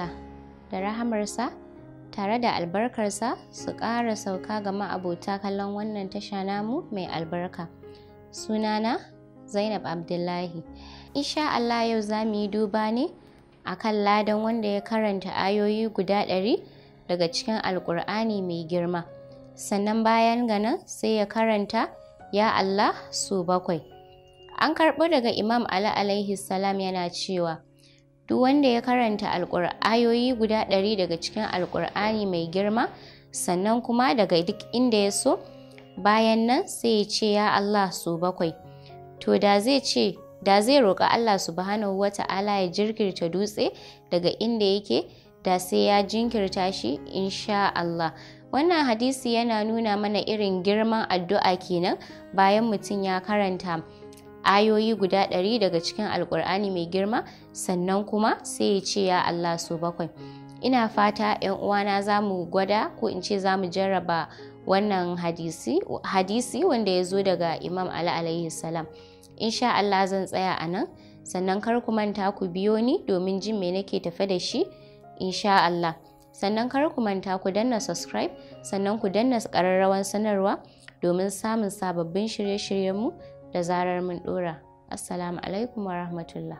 Allah da rahamarsa tare da albarkarsa su ƙara sauka ga ma'abota kallon wannan tasha namu mai albarka. Sunana Zainab Abdullahi. Insha Allah yau za mu yi duba ne a kan ladan wanda ya karanta ayoyi guda ɗari daga cikin Alƙur'ani mai girma. Sannan bayan ganin sai ya karanta Ya Allah su bakwai. An karɓo daga Imam Ali alaihi salam yana cewa. duk wanda ya karanta ayoyi guda ɗari daga cikin alƙur'ani mai girma sannan kuma daga duk inda ya so bayan nan sai ya ce ya Allah su bakwai to da zai ce da zai roƙi Allah subhanahu ta'ala ya jirkirta dutse daga inda yake da sai ya jinkirta shi insha Allah wannan hadisi yana nuna mana irin girman addu'a kenan bayan mutum ya karanta ayoyi guda ɗari daga cikin alkur'ani mai girma sannan kuma sai ya ce ya Allah su bakwai ina fata 'yan uwana za mu gwada ko in ce za mu jarraba wannan hadisi, wanda ya zo daga imam ali alayhi salam insha Allah zan tsaya a nan sannan kar ku manta ku biyo ni domin jin me nake tafe da shi insha Allah sannan kar ku manta ku danna subscribe sannan ku danna ƙararrawan sanarwa domin samun sababbin shirye-shiryenmu da zarar mun ɗora. Assalamu alaikum wa rahmatullah.